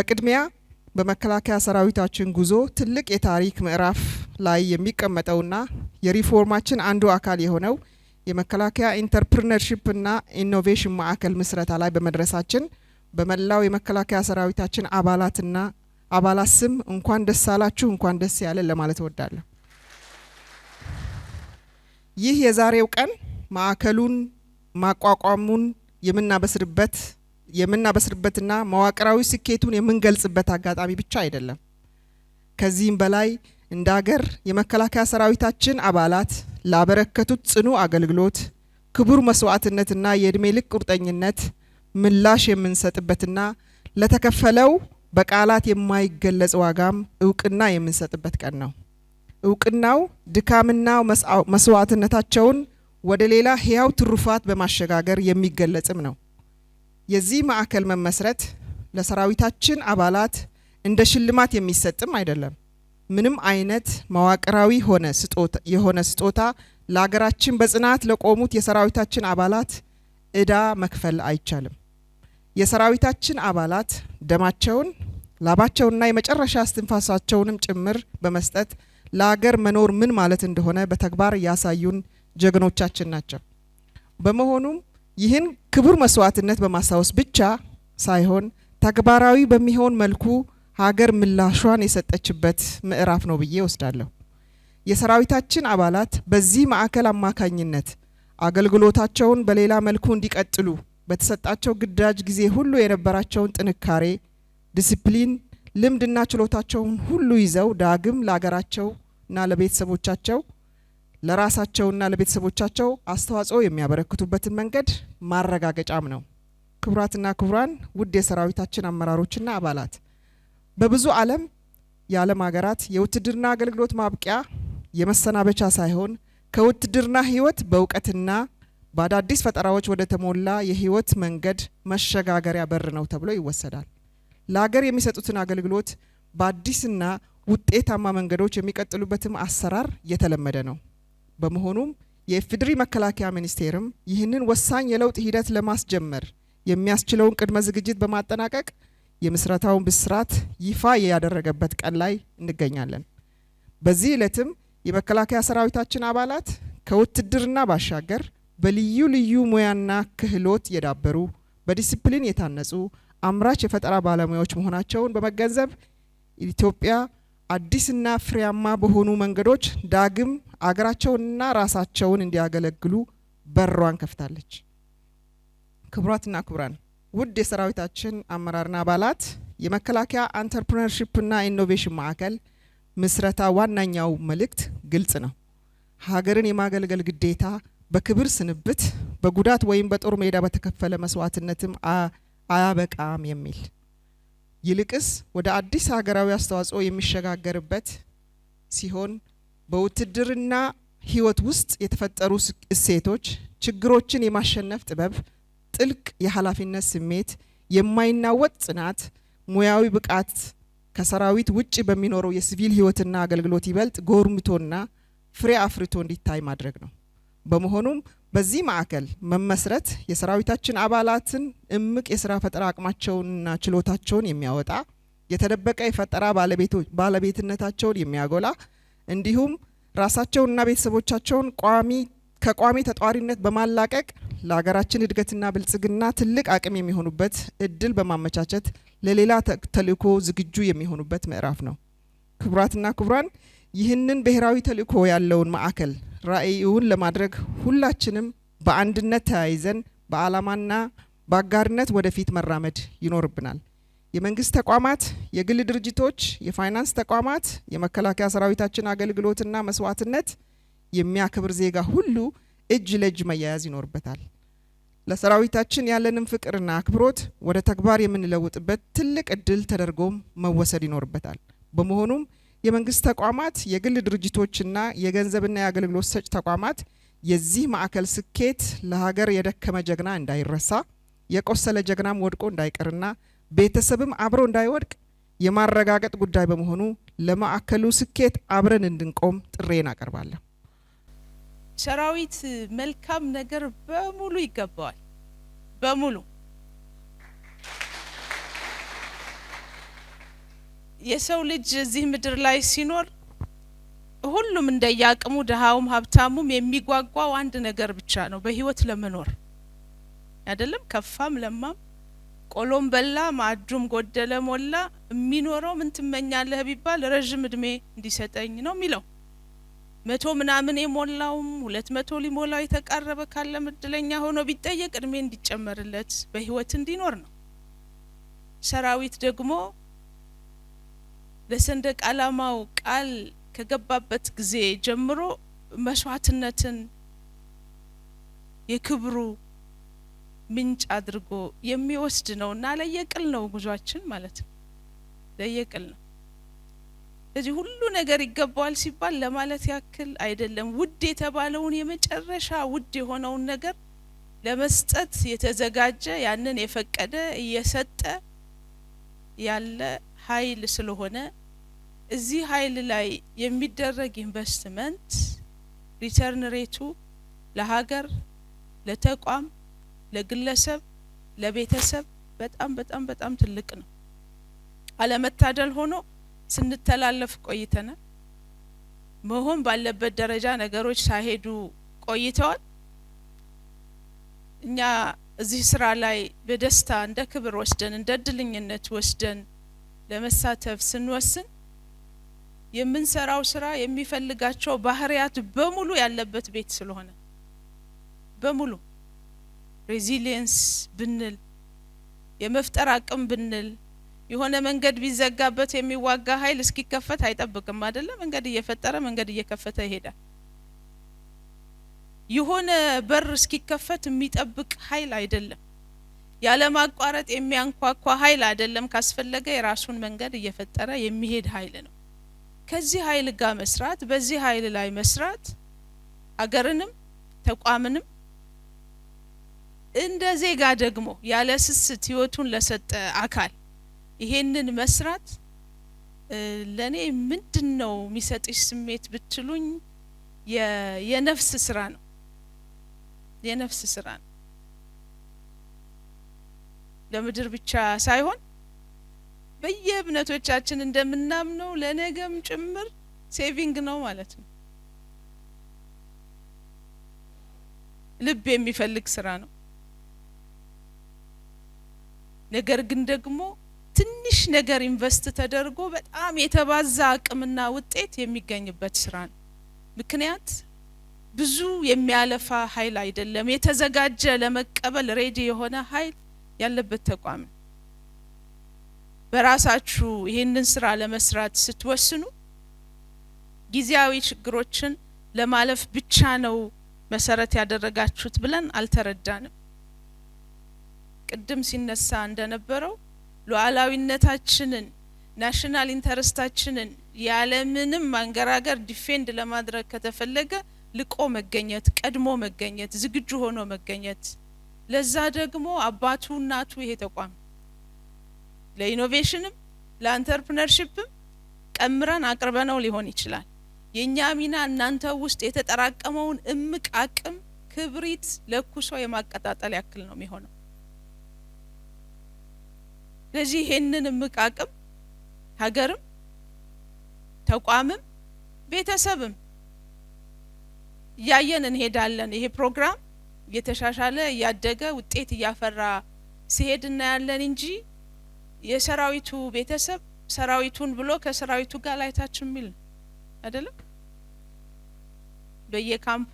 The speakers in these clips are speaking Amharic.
በቅድሚያ በመከላከያ ሰራዊታችን ጉዞ ትልቅ የታሪክ ምዕራፍ ላይ የሚቀመጠውና የሪፎርማችን አንዱ አካል የሆነው የመከላከያ ኢንተርፕርነርሽፕና ኢኖቬሽን ማዕከል ምስረታ ላይ በመድረሳችን በመላው የመከላከያ ሰራዊታችን አባላትና አባላት ስም እንኳን ደስ አላችሁ፣ እንኳን ደስ ያለን ለማለት እወዳለሁ። ይህ የዛሬው ቀን ማዕከሉን ማቋቋሙን የምናበስርበት የምናበስርበትና መዋቅራዊ ስኬቱን የምንገልጽበት አጋጣሚ ብቻ አይደለም። ከዚህም በላይ እንደ አገር የመከላከያ ሰራዊታችን አባላት ላበረከቱት ጽኑ አገልግሎት፣ ክቡር መስዋዕትነትና የእድሜ ልክ ቁርጠኝነት ምላሽ የምንሰጥበትና ለተከፈለው በቃላት የማይገለጽ ዋጋም እውቅና የምንሰጥበት ቀን ነው። እውቅናው ድካምና መስዋዕትነታቸውን ወደ ሌላ ህያው ትሩፋት በማሸጋገር የሚገለጽም ነው። የዚህ ማዕከል መመስረት ለሰራዊታችን አባላት እንደ ሽልማት የሚሰጥም አይደለም። ምንም አይነት መዋቅራዊ ሆነ የሆነ ስጦታ ለሀገራችን በጽናት ለቆሙት የሰራዊታችን አባላት እዳ መክፈል አይቻልም። የሰራዊታችን አባላት ደማቸውን፣ ላባቸውንና የመጨረሻ እስትንፋሳቸውንም ጭምር በመስጠት ለሀገር መኖር ምን ማለት እንደሆነ በተግባር ያሳዩን ጀግኖቻችን ናቸው። በመሆኑም ይህን ክቡር መስዋዕትነት በማስታወስ ብቻ ሳይሆን ተግባራዊ በሚሆን መልኩ ሀገር ምላሿን የሰጠችበት ምዕራፍ ነው ብዬ ወስዳለሁ። የሰራዊታችን አባላት በዚህ ማዕከል አማካኝነት አገልግሎታቸውን በሌላ መልኩ እንዲቀጥሉ በተሰጣቸው ግዳጅ ጊዜ ሁሉ የነበራቸውን ጥንካሬ፣ ዲስፕሊን፣ ልምድና ችሎታቸውን ሁሉ ይዘው ዳግም ለሀገራቸውና ለቤተሰቦቻቸው ለራሳቸውና ለቤተሰቦቻቸው አስተዋጽኦ የሚያበረክቱበትን መንገድ ማረጋገጫም ነው። ክቡራትና ክቡራን፣ ውድ የሰራዊታችን አመራሮችና አባላት በብዙ ዓለም የዓለም ሀገራት የውትድርና አገልግሎት ማብቂያ የመሰናበቻ ሳይሆን ከውትድርና ህይወት በእውቀትና በአዳዲስ ፈጠራዎች ወደ ተሞላ የህይወት መንገድ መሸጋገሪያ በር ነው ተብሎ ይወሰዳል። ለሀገር የሚሰጡትን አገልግሎት በአዲስና ውጤታማ መንገዶች የሚቀጥሉበትም አሰራር የተለመደ ነው። በመሆኑም የኢፌዴሪ መከላከያ ሚኒስቴርም ይህንን ወሳኝ የለውጥ ሂደት ለማስጀመር የሚያስችለውን ቅድመ ዝግጅት በማጠናቀቅ የምስረታውን ብስራት ይፋ ያደረገበት ቀን ላይ እንገኛለን። በዚህ ዕለትም የመከላከያ ሰራዊታችን አባላት ከውትድርና ባሻገር በልዩ ልዩ ሙያና ክህሎት የዳበሩ በዲሲፕሊን የታነጹ አምራች የፈጠራ ባለሙያዎች መሆናቸውን በመገንዘብ ኢትዮጵያ አዲስና ፍሬያማ በሆኑ መንገዶች ዳግም አገራቸውንና ራሳቸውን እንዲያገለግሉ በሯን ከፍታለች። ክቡራትና ክቡራን ውድ የሰራዊታችን አመራርና አባላት የመከላከያ አንተርፕረነርሺፕና ኢኖቬሽን ማዕከል ምስረታ ዋናኛው መልእክት ግልጽ ነው። ሀገርን የማገልገል ግዴታ በክብር ስንብት፣ በጉዳት ወይም በጦር ሜዳ በተከፈለ መስዋዕትነትም አያበቃም የሚል ይልቅስ ወደ አዲስ ሀገራዊ አስተዋጽኦ የሚሸጋገርበት ሲሆን በውትድርና ህይወት ውስጥ የተፈጠሩ እሴቶች ችግሮችን የማሸነፍ ጥበብ፣ ጥልቅ የኃላፊነት ስሜት፣ የማይናወጥ ጽናት፣ ሙያዊ ብቃት ከሰራዊት ውጭ በሚኖረው የሲቪል ህይወትና አገልግሎት ይበልጥ ጎርምቶና ፍሬ አፍርቶ እንዲታይ ማድረግ ነው። በመሆኑም በዚህ ማዕከል መመስረት የሰራዊታችን አባላትን እምቅ የስራ ፈጠራ አቅማቸውንና ችሎታቸውን የሚያወጣ የተደበቀ የፈጠራ ባለቤትነታቸውን የሚያጎላ እንዲሁም ራሳቸውንና ቤተሰቦቻቸውን ቋሚ ከቋሚ ተጧሪነት በማላቀቅ ለሀገራችን እድገትና ብልጽግና ትልቅ አቅም የሚሆኑበት እድል በማመቻቸት ለሌላ ተልዕኮ ዝግጁ የሚሆኑበት ምዕራፍ ነው። ክቡራትና ክቡራን ይህንን ብሔራዊ ተልእኮ ያለውን ማዕከል ራዕይውን ለማድረግ ሁላችንም በአንድነት ተያይዘን በዓላማና በአጋርነት ወደፊት መራመድ ይኖርብናል። የመንግስት ተቋማት፣ የግል ድርጅቶች፣ የፋይናንስ ተቋማት የመከላከያ ሰራዊታችን አገልግሎትና መስዋዕትነት የሚያከብር ዜጋ ሁሉ እጅ ለእጅ መያያዝ ይኖርበታል። ለሰራዊታችን ያለንን ፍቅርና አክብሮት ወደ ተግባር የምንለውጥበት ትልቅ እድል ተደርጎም መወሰድ ይኖርበታል። በመሆኑም የመንግስት ተቋማት፣ የግል ድርጅቶችና የገንዘብና የአገልግሎት ሰጭ ተቋማት የዚህ ማዕከል ስኬት ለሀገር የደከመ ጀግና እንዳይረሳ የቆሰለ ጀግናም ወድቆ እንዳይቀርና ቤተሰብም አብሮ እንዳይወድቅ የማረጋገጥ ጉዳይ በመሆኑ ለማዕከሉ ስኬት አብረን እንድንቆም ጥሬን አቀርባለሁ። ሰራዊት መልካም ነገር በሙሉ ይገባዋል። በሙሉ የሰው ልጅ እዚህ ምድር ላይ ሲኖር ሁሉም እንደየአቅሙ ድሀውም ሀብታሙም የሚጓጓው አንድ ነገር ብቻ ነው፣ በህይወት ለመኖር አይደለም። ከፋም ለማም ቆሎም በላ ማዕዱም ጎደለ ሞላ፣ የሚኖረው ምን ትመኛለህ ቢባል ረዥም እድሜ እንዲሰጠኝ ነው የሚለው። መቶ ምናምን የሞላውም ሁለት መቶ ሊሞላው የተቃረበ ካለም እድለኛ ሆኖ ቢጠየቅ እድሜ እንዲጨመርለት በህይወት እንዲኖር ነው። ሰራዊት ደግሞ ለሰንደቅ ዓላማው ቃል ከገባበት ጊዜ ጀምሮ መስዋዕትነትን የክብሩ ምንጭ አድርጎ የሚወስድ ነው እና ለየቅል ነው ጉዟችን ማለት ነው። ለየቅል ነው። ስለዚህ ሁሉ ነገር ይገባዋል ሲባል ለማለት ያክል አይደለም። ውድ የተባለውን የመጨረሻ ውድ የሆነውን ነገር ለመስጠት የተዘጋጀ ያንን የፈቀደ እየሰጠ ያለ ኃይል ስለሆነ እዚህ ኃይል ላይ የሚደረግ ኢንቨስትመንት ሪተርን ሬቱ ለሀገር፣ ለተቋም፣ ለግለሰብ፣ ለቤተሰብ በጣም በጣም በጣም ትልቅ ነው። አለመታደል ሆኖ ስንተላለፍ ቆይተናል። መሆን ባለበት ደረጃ ነገሮች ሳይሄዱ ቆይተዋል። እኛ እዚህ ስራ ላይ በደስታ እንደ ክብር ወስደን እንደ እድልኝነት ወስደን ለመሳተፍ ስንወስን የምንሰራው ስራ የሚፈልጋቸው ባህሪያት በሙሉ ያለበት ቤት ስለሆነ በሙሉ ሬዚሊየንስ ብንል የመፍጠር አቅም ብንል የሆነ መንገድ ቢዘጋበት የሚዋጋ ኃይል እስኪከፈት አይጠብቅም አይደለ? መንገድ እየፈጠረ መንገድ እየከፈተ ይሄዳል። የሆነ በር እስኪከፈት የሚጠብቅ ኃይል አይደለም። ያለማቋረጥ የሚያንኳኳ ኃይል አይደለም። ካስፈለገ የራሱን መንገድ እየፈጠረ የሚሄድ ኃይል ነው። ከዚህ ኃይል ጋር መስራት በዚህ ኃይል ላይ መስራት አገርንም ተቋምንም እንደ ዜጋ ደግሞ ያለ ስስት ህይወቱን ለሰጠ አካል ይሄንን መስራት ለእኔ ምንድን ነው የሚሰጥሽ ስሜት ብትሉኝ የነፍስ ስራ ነው። የነፍስ ስራ ነው። ለምድር ብቻ ሳይሆን በየእምነቶቻችን እንደምናምነው ለነገም ጭምር ሴቪንግ ነው ማለት ነው። ልብ የሚፈልግ ስራ ነው። ነገር ግን ደግሞ ትንሽ ነገር ኢንቨስት ተደርጎ በጣም የተባዛ አቅምና ውጤት የሚገኝበት ስራ ነው። ምክንያት ብዙ የሚያለፋ ኃይል አይደለም፣ የተዘጋጀ ለመቀበል ሬዲ የሆነ ኃይል ያለበት ተቋም ነው። በራሳችሁ ይህንን ስራ ለመስራት ስትወስኑ ጊዜያዊ ችግሮችን ለማለፍ ብቻ ነው መሰረት ያደረጋችሁት ብለን አልተረዳንም። ቅድም ሲነሳ እንደነበረው ሉዓላዊነታችንን፣ ናሽናል ኢንተረስታችንን ያለምንም ማንገራገር ዲፌንድ ለማድረግ ከተፈለገ ልቆ መገኘት፣ ቀድሞ መገኘት፣ ዝግጁ ሆኖ መገኘት ለዛ ደግሞ አባቱ እናቱ ይሄ ተቋም ለኢኖቬሽንም ለአንተርፕነርሽፕም ቀምረን አቅርበነው ሊሆን ይችላል። የእኛ ሚና እናንተ ውስጥ የተጠራቀመውን እምቅ አቅም ክብሪት ለኩሶ የማቀጣጠል ያክል ነው የሚሆነው። ስለዚህ ይሄንን እምቅ አቅም ሀገርም ተቋምም ቤተሰብም እያየን እንሄዳለን። ይሄ ፕሮግራም እየተሻሻለ እያደገ ውጤት እያፈራ ሲሄድ እናያለን እንጂ የሰራዊቱ ቤተሰብ ሰራዊቱን ብሎ ከሰራዊቱ ጋር ላይታችሁ የሚል አይደለም። በየካምፑ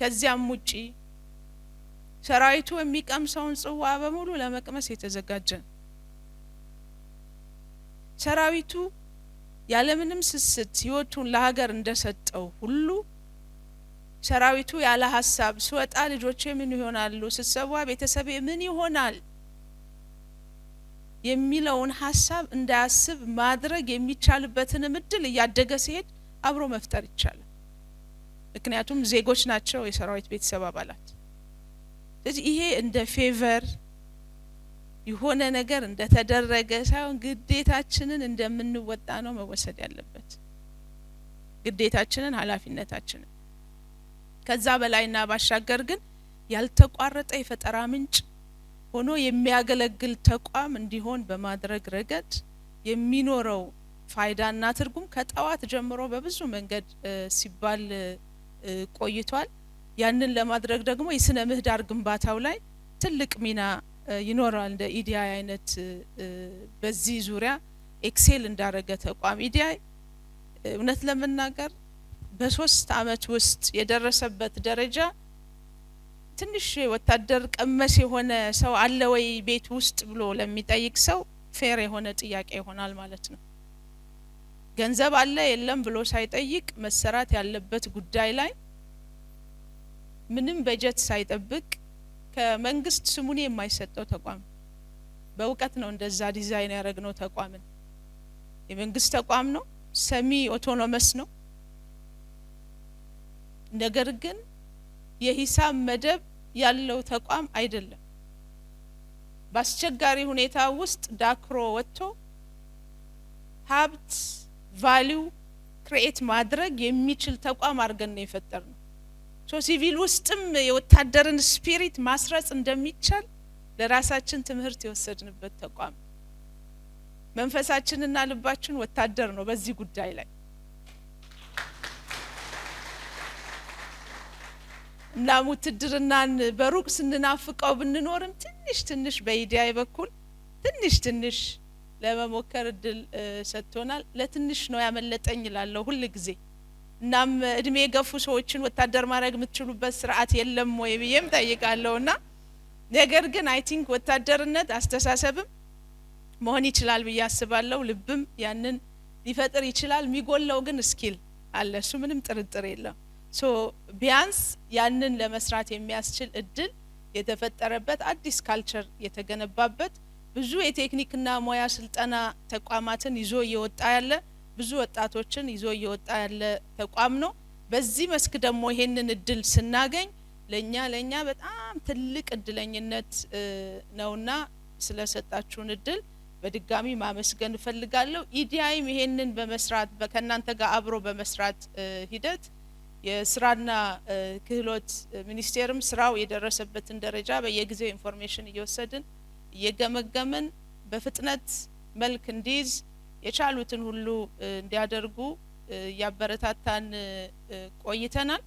ከዚያም ውጪ ሰራዊቱ የሚቀምሰውን ጽዋ በሙሉ ለመቅመስ የተዘጋጀ ሰራዊቱ ያለምንም ስስት ህይወቱን ለሀገር እንደሰጠው ሁሉ ሰራዊቱ ያለ ሀሳብ ስወጣ ልጆቼ ምን ይሆናሉ፣ ስሰዋ ቤተሰቤ ምን ይሆናል የሚለውን ሀሳብ እንዳያስብ ማድረግ የሚቻልበትን እድል እያደገ ሲሄድ አብሮ መፍጠር ይቻላል። ምክንያቱም ዜጎች ናቸው የሰራዊት ቤተሰብ አባላት። ስለዚህ ይሄ እንደ ፌቨር የሆነ ነገር እንደተደረገ ሳይሆን ግዴታችንን እንደምንወጣ ነው መወሰድ ያለበት። ግዴታችንን፣ ኃላፊነታችንን ከዛ በላይና ባሻገር ግን ያልተቋረጠ የፈጠራ ምንጭ ሆኖ የሚያገለግል ተቋም እንዲሆን በማድረግ ረገድ የሚኖረው ፋይዳና ትርጉም ከጠዋት ጀምሮ በብዙ መንገድ ሲባል ቆይቷል። ያንን ለማድረግ ደግሞ የስነ ምህዳር ግንባታው ላይ ትልቅ ሚና ይኖራል። እንደ ኢዲአይ አይነት በዚህ ዙሪያ ኤክሴል እንዳረገ ተቋም ኢዲአይ እውነት ለመናገር በሶስት አመት ውስጥ የደረሰበት ደረጃ ትንሽ ወታደር ቀመስ የሆነ ሰው አለ ወይ ቤት ውስጥ ብሎ ለሚጠይቅ ሰው ፌር የሆነ ጥያቄ ይሆናል ማለት ነው። ገንዘብ አለ የለም ብሎ ሳይጠይቅ መሰራት ያለበት ጉዳይ ላይ ምንም በጀት ሳይጠብቅ ከመንግስት ስሙን የማይሰጠው ተቋም በእውቀት ነው እንደዛ ዲዛይን ያደረግነው ተቋምን። የመንግስት ተቋም ነው፣ ሰሚ ኦቶኖመስ ነው። ነገር ግን የሂሳብ መደብ ያለው ተቋም አይደለም። በአስቸጋሪ ሁኔታ ውስጥ ዳክሮ ወጥቶ ሀብት ቫሊው ክርኤት ማድረግ የሚችል ተቋም አድርገን ነው የፈጠር ነው። ሶ ሲቪል ውስጥም የወታደርን ስፒሪት ማስረጽ እንደሚቻል ለራሳችን ትምህርት የወሰድንበት ተቋም መንፈሳችንና ልባችን ወታደር ነው በዚህ ጉዳይ ላይ እናም ውትድርናን በሩቅ ስንናፍቀው ብንኖርም ትንሽ ትንሽ በኢዲያይ በኩል ትንሽ ትንሽ ለመሞከር እድል ሰጥቶናል። ለትንሽ ነው ያመለጠኝ ይላለሁ ሁል ጊዜ። እናም እድሜ የገፉ ሰዎችን ወታደር ማድረግ የምትችሉበት ስርዓት የለም ወይ ብዬም ጠይቃለሁ። ና ነገር ግን አይ ቲንክ ወታደርነት አስተሳሰብም መሆን ይችላል ብዬ አስባለሁ። ልብም ያንን ሊፈጥር ይችላል። የሚጎለው ግን ስኪል አለ፣ እሱ ምንም ጥርጥር የለም። ሶ ቢያንስ ያንን ለመስራት የሚያስችል እድል የተፈጠረበት አዲስ ካልቸር የተገነባበት ብዙ የቴክኒክና ሙያ ስልጠና ተቋማትን ይዞ እየወጣ ያለ ብዙ ወጣቶችን ይዞ እየወጣ ያለ ተቋም ነው። በዚህ መስክ ደግሞ ይሄንን እድል ስናገኝ ለእኛ ለእኛ በጣም ትልቅ እድለኝነት ነውና ስለሰጣችሁን እድል በድጋሚ ማመስገን እፈልጋለሁ። ኢዲአይም ይሄንን በመስራት ከእናንተ ጋር አብሮ በመስራት ሂደት የስራና ክህሎት ሚኒስቴርም ስራው የደረሰበትን ደረጃ በየጊዜው ኢንፎርሜሽን እየወሰድን እየገመገምን በፍጥነት መልክ እንዲይዝ የቻሉትን ሁሉ እንዲያደርጉ እያበረታታን ቆይተናል።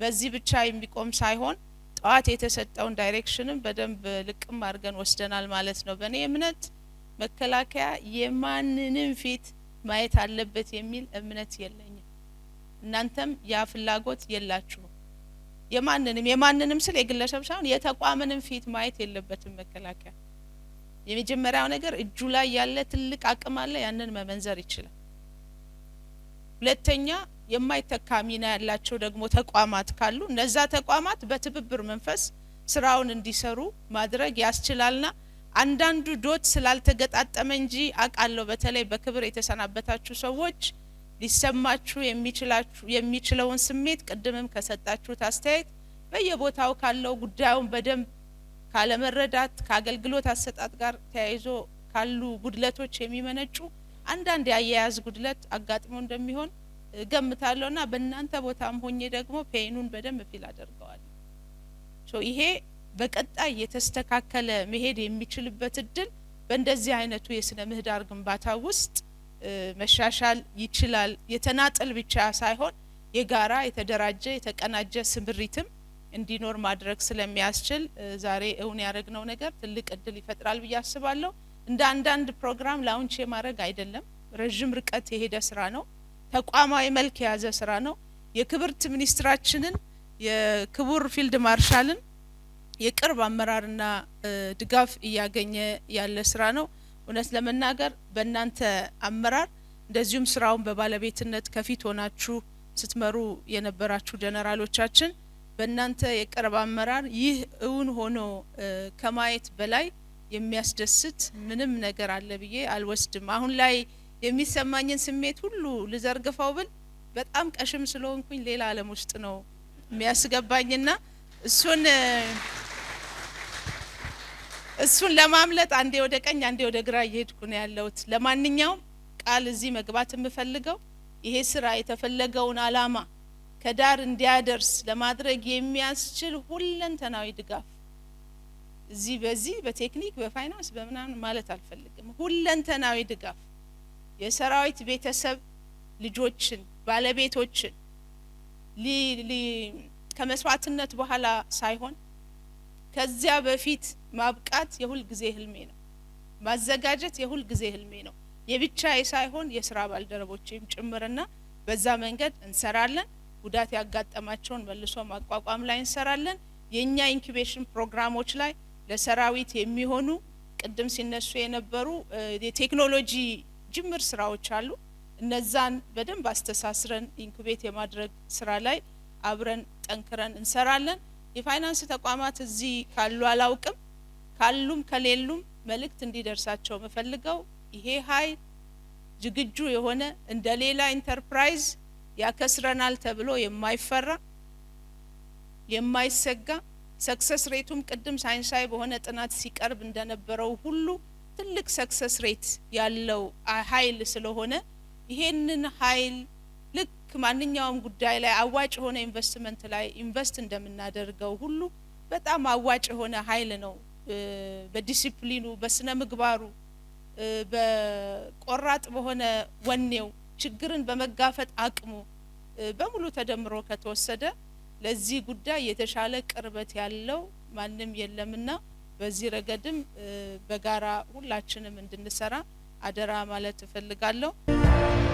በዚህ ብቻ የሚቆም ሳይሆን ጠዋት የተሰጠውን ዳይሬክሽንም በደንብ ልቅም አድርገን ወስደናል ማለት ነው። በእኔ እምነት መከላከያ የማንንም ፊት ማየት አለበት የሚል እምነት የለኝ እናንተም ያ ፍላጎት የላችሁም። የማንንም የማንንም ስል የግለሰብ ሳይሆን የተቋምንም ፊት ማየት የለበትም መከላከያ። የመጀመሪያው ነገር እጁ ላይ ያለ ትልቅ አቅም አለ፣ ያንን መመንዘር ይችላል። ሁለተኛ የማይተካ ሚና ያላቸው ደግሞ ተቋማት ካሉ እነዛ ተቋማት በትብብር መንፈስ ስራውን እንዲሰሩ ማድረግ ያስችላልና አንዳንዱ ዶት ስላልተገጣጠመ እንጂ አውቃለሁ፣ በተለይ በክብር የተሰናበታችሁ ሰዎች ሊሰማችሁ የሚችለውን ስሜት ቅድምም ከሰጣችሁት አስተያየት በየቦታው ካለው ጉዳዩን በደንብ ካለመረዳት ከአገልግሎት አሰጣጥ ጋር ተያይዞ ካሉ ጉድለቶች የሚመነጩ አንዳንድ የአያያዝ ጉድለት አጋጥሞ እንደሚሆን እገምታለሁ ና በእናንተ ቦታም ሆኜ ደግሞ ፔኑን በደንብ ፊል አደርገዋለሁ። ይሄ በቀጣይ የተስተካከለ መሄድ የሚችልበት እድል በእንደዚህ አይነቱ የስነ ምህዳር ግንባታ ውስጥ መሻሻል ይችላል። የተናጠል ብቻ ሳይሆን የጋራ የተደራጀ የተቀናጀ ስምሪትም እንዲኖር ማድረግ ስለሚያስችል ዛሬ እውን ያደረግነው ነገር ትልቅ እድል ይፈጥራል ብዬ አስባለሁ። እንደ አንዳንድ ፕሮግራም ላውንች የማድረግ አይደለም። ረዥም ርቀት የሄደ ስራ ነው። ተቋማዊ መልክ የያዘ ስራ ነው። የክብርት ሚኒስትራችንን የክቡር ፊልድ ማርሻልን የቅርብ አመራርና ድጋፍ እያገኘ ያለ ስራ ነው። እውነት ለመናገር በእናንተ አመራር እንደዚሁም ስራውን በባለቤትነት ከፊት ሆናችሁ ስትመሩ የነበራችሁ ጀነራሎቻችን በእናንተ የቅርብ አመራር ይህ እውን ሆኖ ከማየት በላይ የሚያስደስት ምንም ነገር አለ ብዬ አልወስድም። አሁን ላይ የሚሰማኝን ስሜት ሁሉ ልዘርግፈው ብል በጣም ቀሽም ስለሆንኩኝ ሌላ ዓለም ውስጥ ነው የሚያስገባኝና እሱን እሱን ለማምለጥ አንዴ ወደ ቀኝ አንዴ ወደ ግራ እየሄድኩ ነው ያለሁት። ለማንኛውም ቃል እዚህ መግባት የምፈልገው ይሄ ስራ የተፈለገውን አላማ ከዳር እንዲያደርስ ለማድረግ የሚያስችል ሁለንተናዊ ድጋፍ እዚህ በዚህ በቴክኒክ በፋይናንስ በምናምን ማለት አልፈልግም። ሁለንተናዊ ድጋፍ የሰራዊት ቤተሰብ ልጆችን፣ ባለቤቶችን ከመስዋዕትነት በኋላ ሳይሆን ከዚያ በፊት ማብቃት የሁል ጊዜ ህልሜ ነው። ማዘጋጀት የሁል ጊዜ ህልሜ ነው። የብቻዬ ሳይሆን የስራ ባልደረቦችም ጭምርና በዛ መንገድ እንሰራለን። ጉዳት ያጋጠማቸውን መልሶ ማቋቋም ላይ እንሰራለን። የእኛ ኢንኩቤሽን ፕሮግራሞች ላይ ለሰራዊት የሚሆኑ ቅድም ሲነሱ የነበሩ የቴክኖሎጂ ጅምር ስራዎች አሉ። እነዛን በደንብ አስተሳስረን ኢንኩቤት የማድረግ ስራ ላይ አብረን ጠንክረን እንሰራለን። የፋይናንስ ተቋማት እዚህ ካሉ አላውቅም፣ ካሉም ከሌሉም መልእክት እንዲደርሳቸው የምፈልገው ይሄ ኃይል ዝግጁ የሆነ እንደ ሌላ ኢንተርፕራይዝ ያከስረናል ተብሎ የማይፈራ የማይሰጋ ሰክሰስ ሬቱም ቅድም ሳይንሳዊ በሆነ ጥናት ሲቀርብ እንደነበረው ሁሉ ትልቅ ሰክሰስ ሬት ያለው ኃይል ስለሆነ ይሄንን ኃይል ልክ ልክ ማንኛውም ጉዳይ ላይ አዋጭ የሆነ ኢንቨስትመንት ላይ ኢንቨስት እንደምናደርገው ሁሉ በጣም አዋጭ የሆነ ኃይል ነው። በዲሲፕሊኑ፣ በስነ ምግባሩ፣ በቆራጥ በሆነ ወኔው፣ ችግርን በመጋፈጥ አቅሙ በሙሉ ተደምሮ ከተወሰደ ለዚህ ጉዳይ የተሻለ ቅርበት ያለው ማንም የለምና በዚህ ረገድም በጋራ ሁላችንም እንድንሰራ አደራ ማለት እፈልጋለሁ።